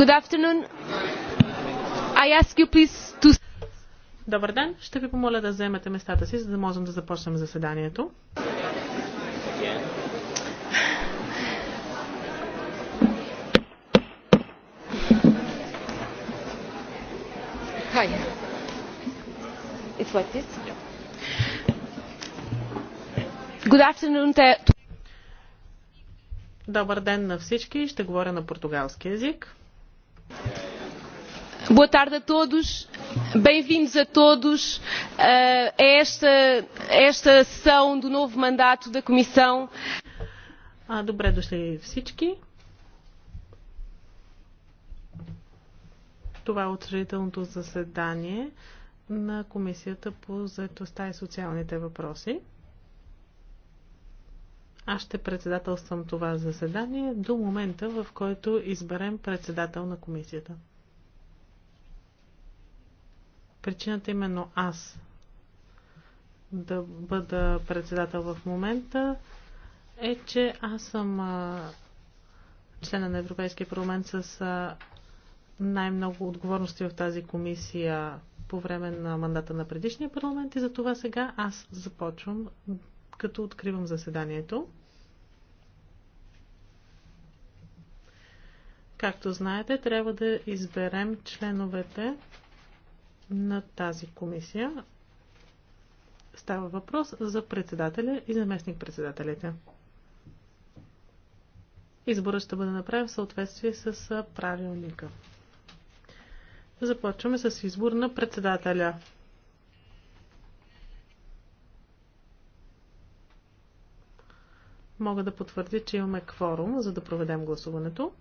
Good afternoon. I ask you please to... Добър ден. Ще ви помоля да заемете местата си, за да можем да започнем заседанието. Hi. It's like this. Good afternoon Добър ден на всички. Ще говоря на португалски язик. Boa tarde a todos, bem-vindos a todos eh, a, esta, esta sessão do novo mandato da Comissão. добре дошли всички. Това е учредителното заседание на Комисията по заедостта и социалните въпроси. Аз ще председателствам това заседание до момента, в който изберем председател на комисията. Причината е именно аз да бъда председател в момента е, че аз съм члена на Европейския парламент с най-много отговорности в тази комисия по време на мандата на предишния парламент и за това сега аз започвам като откривам заседанието. Както знаете, трябва да изберем членовете на тази комисия. Става въпрос за председателя и заместник-председателите. Изборът ще бъде направен в съответствие с правилника. Започваме с избор на председателя. Мога да потвърдя, че имаме кворум, за да проведем гласуването.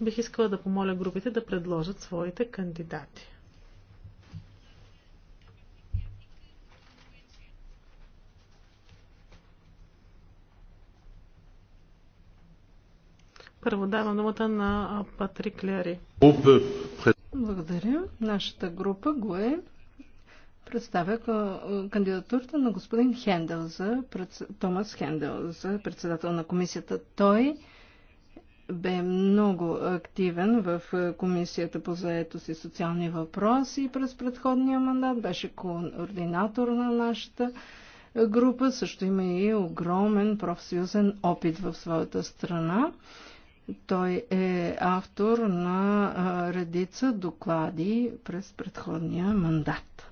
Бих искала да помоля групите да предложат своите кандидати. Първо давам думата на Патрик Лери. Благодаря. Нашата група го е представя кандидатурата на господин Хендел за, Томас Хендел за председател на комисията. Той бе много активен в е, Комисията по заетост и социални въпроси през предходния мандат. Беше координатор на нашата е, група. Също има и огромен профсъюзен опит в своята страна. Той е автор на е, редица доклади през предходния мандат.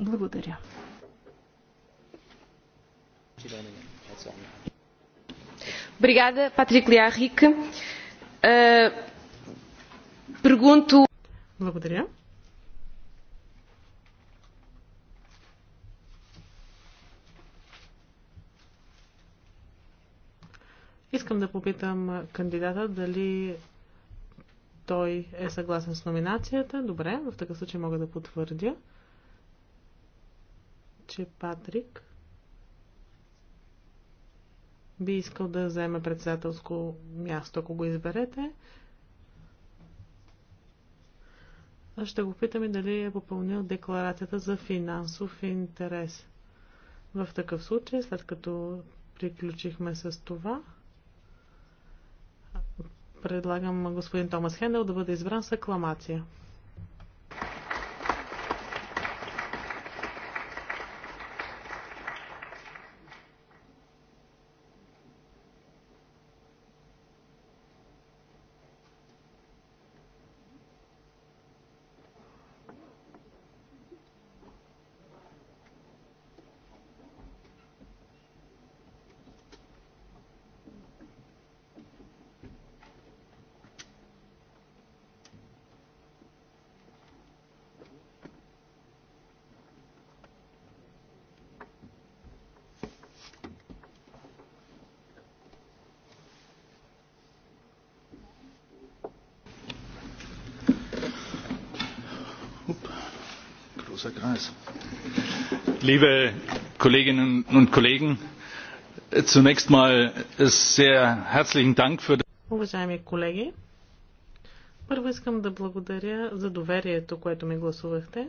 Благодаря. Obrigada, Patrick Liarric. Uh, pergunto. Благодаря. Искам да попитам кандидата дали той е съгласен с номинацията. Добре, в такъв случай мога да потвърдя, че Патрик би искал да вземе председателско място, ако го изберете. Ще го питам и дали е попълнил декларацията за финансов интерес. В такъв случай, след като приключихме с това, предлагам господин Томас Хендел да бъде избран с акламация. Kommissar Kreis. Liebe Kolleginnen und Kollegen, zunächst mal sehr herzlichen Dank für Уважаеми колеги, първо искам да благодаря за доверието, което ми гласувахте.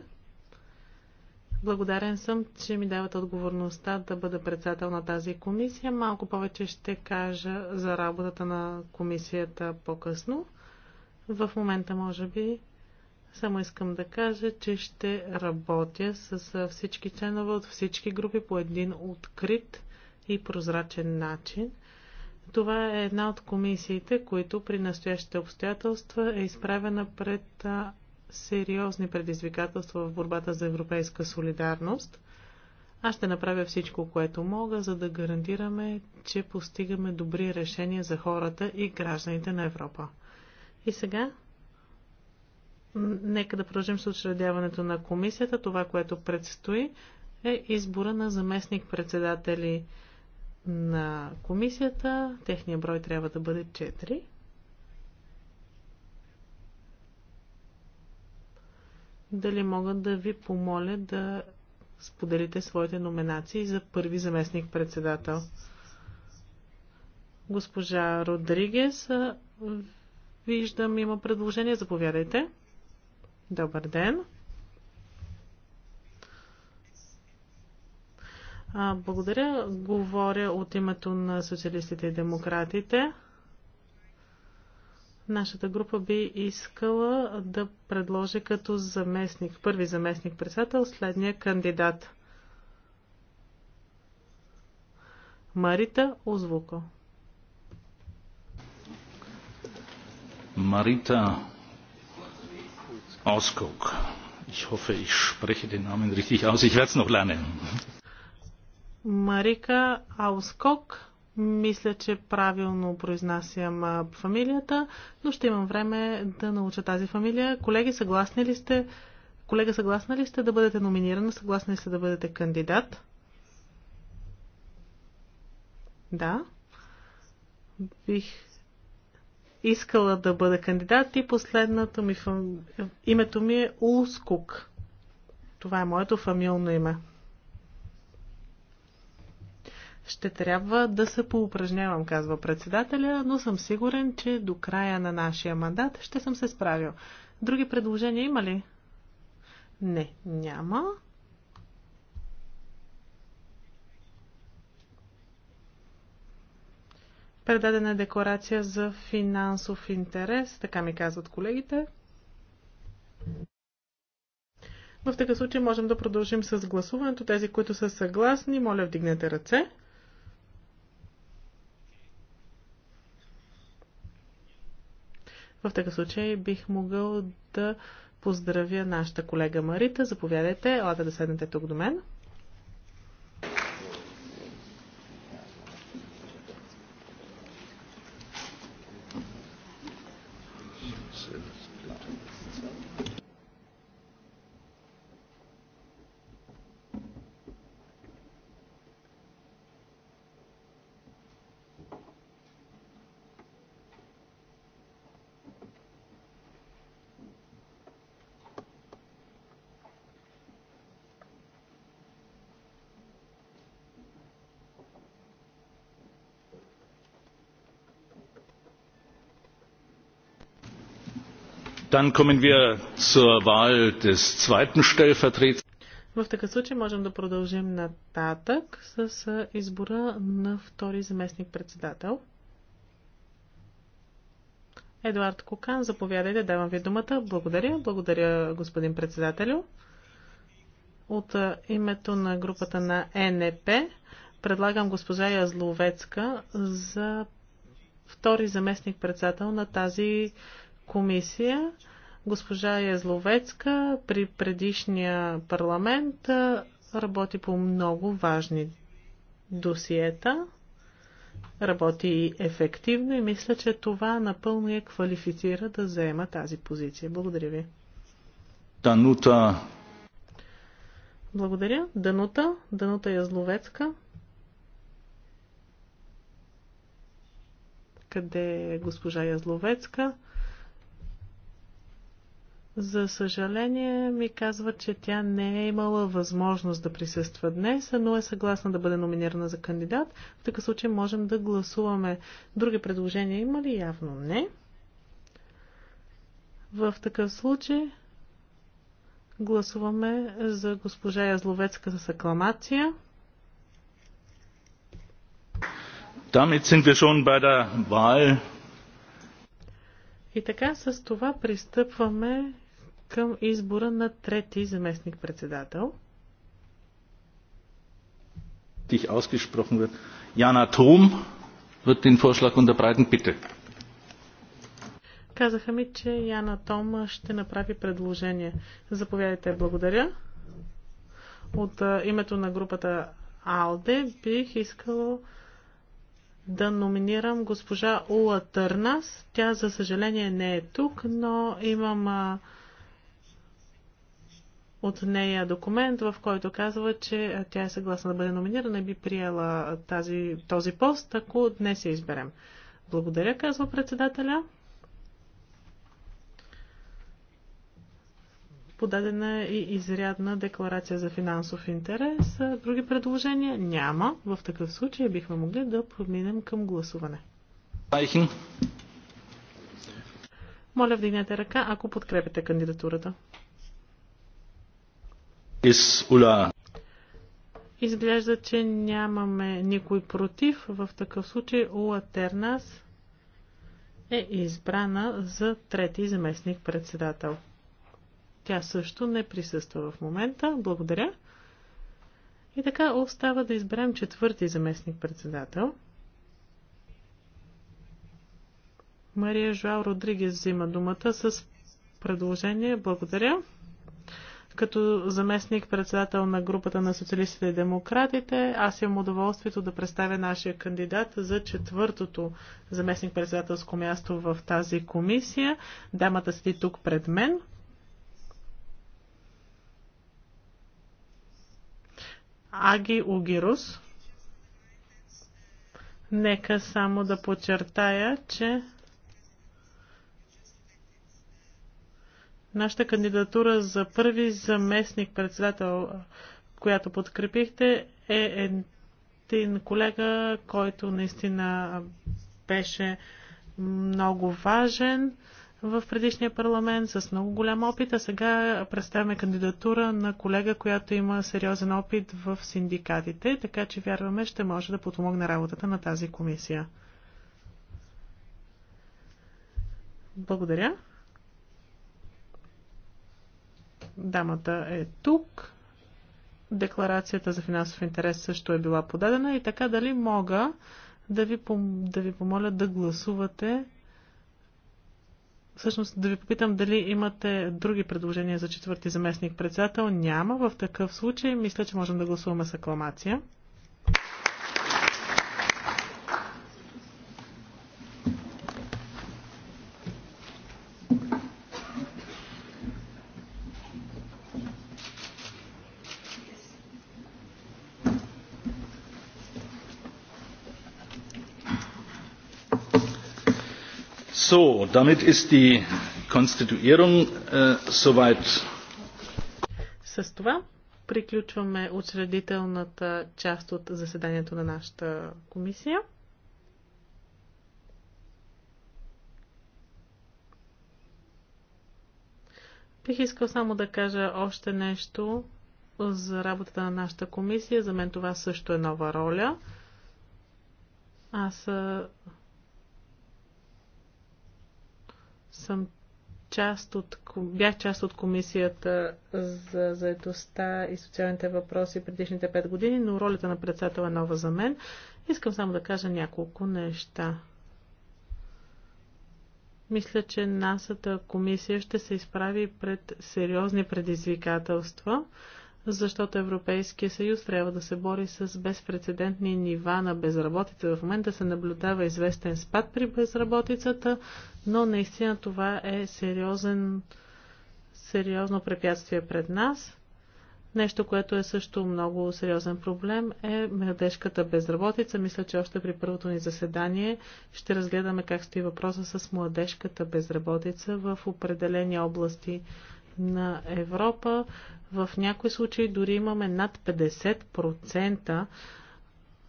Благодарен съм, че ми дават отговорността да бъда председател на тази комисия. Малко повече ще кажа за работата на комисията по-късно. В момента, може би, само искам да кажа, че ще работя с всички членове от всички групи по един открит и прозрачен начин. Това е една от комисиите, които при настоящите обстоятелства е изправена пред сериозни предизвикателства в борбата за европейска солидарност. Аз ще направя всичко, което мога, за да гарантираме, че постигаме добри решения за хората и гражданите на Европа. И сега Нека да продължим с учредяването на комисията. Това, което предстои, е избора на заместник-председатели на комисията. Техният брой трябва да бъде 4. Дали мога да ви помоля да споделите своите номинации за първи заместник-председател? Госпожа Родригес, виждам, има предложение. Заповядайте. Добър ден. А, благодаря. Говоря от името на социалистите и демократите. Нашата група би искала да предложи като заместник, първи заместник председател, следния кандидат. Марита Озвуко. Марита ausguck Ich hoffe, ich spreche den Namen richtig aus. Ich werde es noch lernen. Марика Аускок. Мисля, че правилно произнасям фамилията, но ще имам време да науча тази фамилия. Колеги, съгласни ли сте? Колега, съгласна ли сте да бъдете номинирана? Съгласна ли сте да бъдете кандидат? Да. Бих искала да бъда кандидат и последното ми фам... името ми е Улскук. Това е моето фамилно име. Ще трябва да се поупражнявам, казва председателя, но съм сигурен, че до края на нашия мандат ще съм се справил. Други предложения има ли? Не, няма. Предадена декларация за финансов интерес, така ми казват колегите. В такъв случай можем да продължим с гласуването. Тези, които са съгласни, моля вдигнете ръце. В такъв случай бих могъл да поздравя нашата колега Марита. Заповядайте, елате да седнете тук до мен. В такъв случай можем да продължим нататък с избора на втори заместник-председател. Едуард Кокан, заповядайте, давам ви думата. Благодаря, благодаря господин председателю. От името на групата на ЕНП предлагам госпожа Язловецка за втори заместник-председател на тази комисия госпожа Язловецка при предишния парламент работи по много важни досиета, работи ефективно и мисля, че това напълно я квалифицира да заема тази позиция. Благодаря ви. Данута. Благодаря. Данута. Данута Язловецка. Къде е госпожа Язловецка? За съжаление ми казва, че тя не е имала възможност да присъства днес, но е съгласна да бъде номинирана за кандидат. В такъв случай можем да гласуваме. Други предложения има ли? Явно не. В такъв случай гласуваме за госпожа Язловецка с акламация. Damit sind wir schon bei der Wahl. И така с това пристъпваме към избора на трети заместник-председател. ausgesprochen wird. Jana Thom wird den Vorschlag unterbreiten, bitte. Казаха ми, че Яна Том ще направи предложение. Заповядайте, благодаря. От името на групата АЛДЕ бих искала да номинирам госпожа Ула Търнас. Тя, за съжаление, не е тук, но имам от нея документ, в който казва, че тя е съгласна да бъде номинирана и би приела тази, този пост, ако днес я изберем. Благодаря, казва председателя. Подадена е и изрядна декларация за финансов интерес. Други предложения няма. В такъв случай бихме могли да подминем към гласуване. Моля, вдигнете ръка, ако подкрепите кандидатурата. Изглежда, че нямаме никой против. В такъв случай Ула Тернас е избрана за трети заместник председател. Тя също не присъства в момента. Благодаря. И така остава да изберем четвърти заместник председател. Мария Жоал Родригес взима думата с предложение. Благодаря. Като заместник-председател на групата на социалистите и демократите, аз имам удоволствието да представя нашия кандидат за четвъртото заместник-председателско място в тази комисия. Дамата си тук пред мен. Аги Огирус. Нека само да подчертая, че Нашата кандидатура за първи заместник председател, която подкрепихте, е един колега, който наистина беше много важен в предишния парламент с много голям опит, а сега представяме кандидатура на колега, която има сериозен опит в синдикатите, така че вярваме ще може да подпомогне работата на тази комисия. Благодаря. Дамата е тук. Декларацията за финансов интерес също е била подадена и така дали мога да ви, да ви помоля да гласувате. Всъщност да ви попитам дали имате други предложения за четвърти заместник председател. Няма. В такъв случай мисля, че можем да гласуваме с акламация. So, damit ist die Konstituierung äh, soweit. С това приключваме учредителната част от заседанието на нашата комисия. Бих искал само да кажа още нещо за работата на нашата комисия. За мен това също е нова роля. Аз съм част от, бях част от комисията за заедостта и социалните въпроси предишните 5 години, но ролята на председател е нова за мен. Искам само да кажа няколко неща. Мисля, че нашата комисия ще се изправи пред сериозни предизвикателства защото Европейския съюз трябва да се бори с безпредседентни нива на безработица. В момента се наблюдава известен спад при безработицата, но наистина това е сериозен, сериозно препятствие пред нас. Нещо, което е също много сериозен проблем е младежката безработица. Мисля, че още при първото ни заседание ще разгледаме как стои въпроса с младежката безработица в определени области на Европа в някои случаи дори имаме над 50%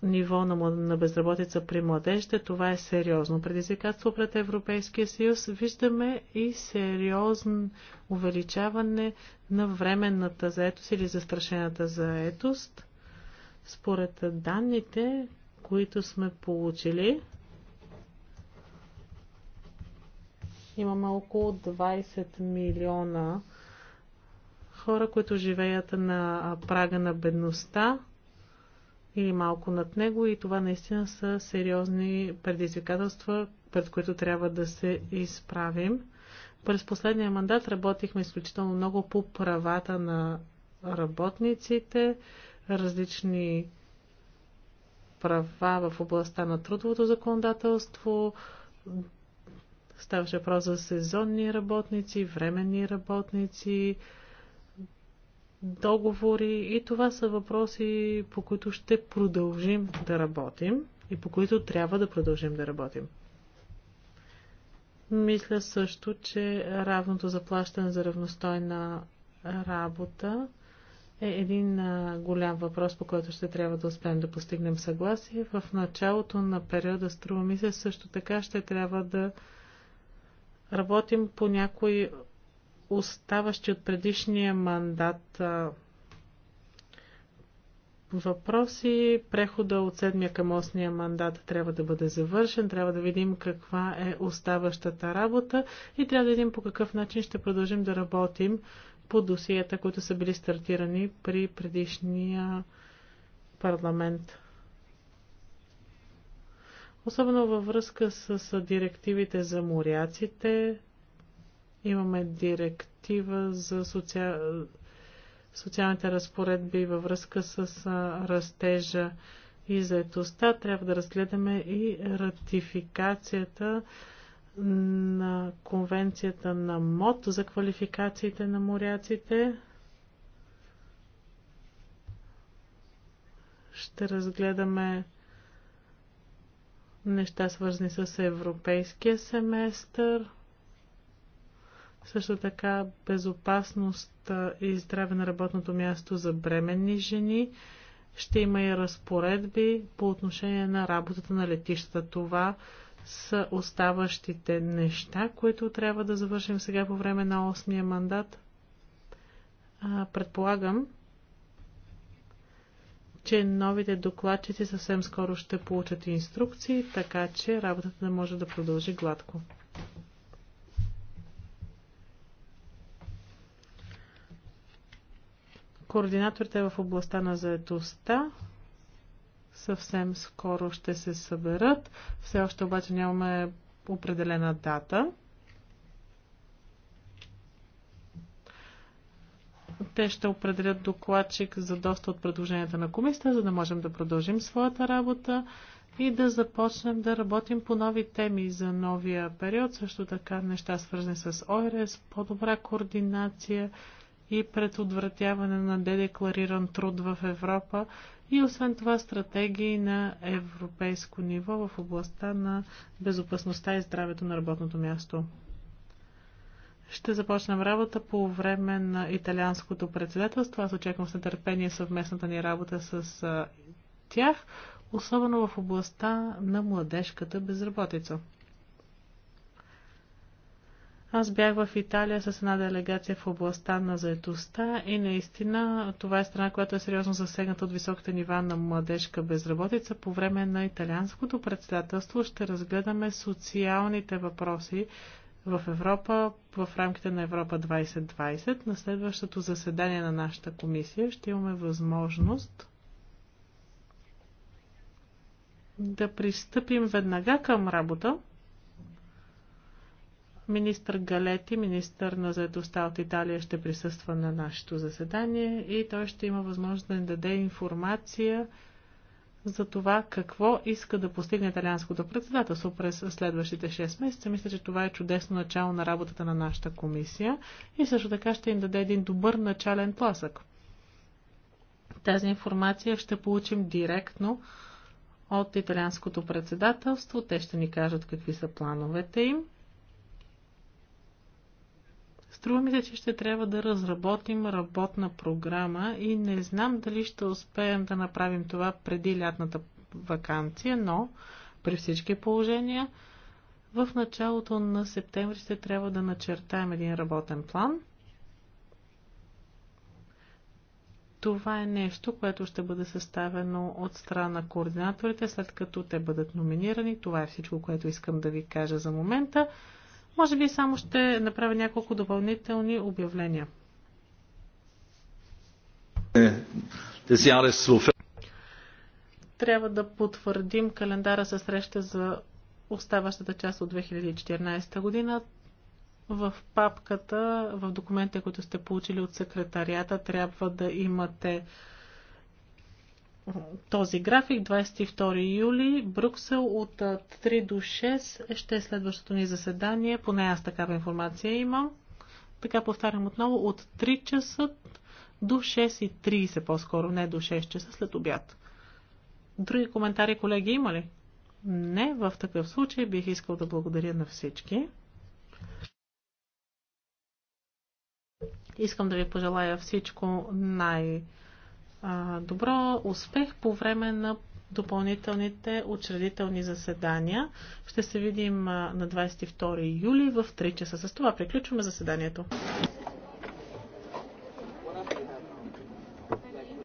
ниво на, на безработица при младежите. Това е сериозно предизвикателство пред Европейския съюз. Виждаме и сериозно увеличаване на временната заетост или застрашената заетост. Според данните, които сме получили, имаме около 20 милиона хора, които живеят на прага на бедността или малко над него и това наистина са сериозни предизвикателства, пред които трябва да се изправим. През последния мандат работихме изключително много по правата на работниците, различни права в областта на трудовото законодателство. Ставаше въпрос за сезонни работници, временни работници, договори и това са въпроси, по които ще продължим да работим и по които трябва да продължим да работим. Мисля също, че равното заплащане за равностойна работа е един голям въпрос, по който ще трябва да успеем да постигнем съгласие. В началото на периода, струва ми се, също така ще трябва да работим по някои оставащи от предишния мандат въпроси. Прехода от седмия към осния мандат трябва да бъде завършен, трябва да видим каква е оставащата работа и трябва да видим по какъв начин ще продължим да работим по досията, които са били стартирани при предишния парламент. Особено във връзка с директивите за моряците, Имаме директива за социал... социалните разпоредби във връзка с растежа и заетостта. Трябва да разгледаме и ратификацията на конвенцията на МОД за квалификациите на моряците. Ще разгледаме неща свързани с европейския семестър. Също така безопасност и здраве на работното място за бременни жени. Ще има и разпоредби по отношение на работата на летищата. Това са оставащите неща, които трябва да завършим сега по време на 8-я мандат. предполагам, че новите докладчици съвсем скоро ще получат инструкции, така че работата да може да продължи гладко. Координаторите в областта на заедостта съвсем скоро ще се съберат. Все още обаче нямаме определена дата. Те ще определят докладчик за доста от предложенията на комисията, за да можем да продължим своята работа и да започнем да работим по нови теми за новия период. Също така неща свързани с ОРС, по-добра координация и предотвратяване на дедеклариран труд в Европа и освен това стратегии на европейско ниво в областта на безопасността и здравето на работното място. Ще започнем работа по време на италианското председателство. Аз очаквам с нетърпение съвместната ни работа с тях, особено в областта на младежката безработица. Аз бях в Италия с една делегация в областта на заедостта и наистина това е страна, която е сериозно засегната от високите нива на младежка безработица. По време на италианското председателство ще разгледаме социалните въпроси в Европа, в рамките на Европа 2020. На следващото заседание на нашата комисия ще имаме възможност да пристъпим веднага към работа. Министър Галети, министър на заедостта от Италия, ще присъства на нашето заседание и той ще има възможност да ни даде информация за това какво иска да постигне италианското председателство през следващите 6 месеца. Мисля, че това е чудесно начало на работата на нашата комисия и също така ще им даде един добър начален пласък. Тази информация ще получим директно от италианското председателство. Те ще ни кажат какви са плановете им Струва ми се, че ще трябва да разработим работна програма и не знам дали ще успеем да направим това преди лятната вакансия, но при всички положения в началото на септември ще трябва да начертаем един работен план. Това е нещо, което ще бъде съставено от страна на координаторите, след като те бъдат номинирани. Това е всичко, което искам да ви кажа за момента. Може би само ще направя няколко допълнителни обявления. Трябва да потвърдим календара със среща за оставащата част от 2014 година. В папката, в документите, които сте получили от секретарията, трябва да имате този график. 22 юли, Брюксел от 3 до 6 ще е следващото ни заседание. Поне аз такава информация имам. Така повтарям отново, от 3 часа до 6.30 по-скоро, не до 6 часа след обяд. Други коментари, колеги, има ли? Не, в такъв случай бих искал да благодаря на всички. Искам да ви пожелая всичко най- добро успех по време на допълнителните учредителни заседания. Ще се видим на 22 юли в 3 часа. С това приключваме заседанието.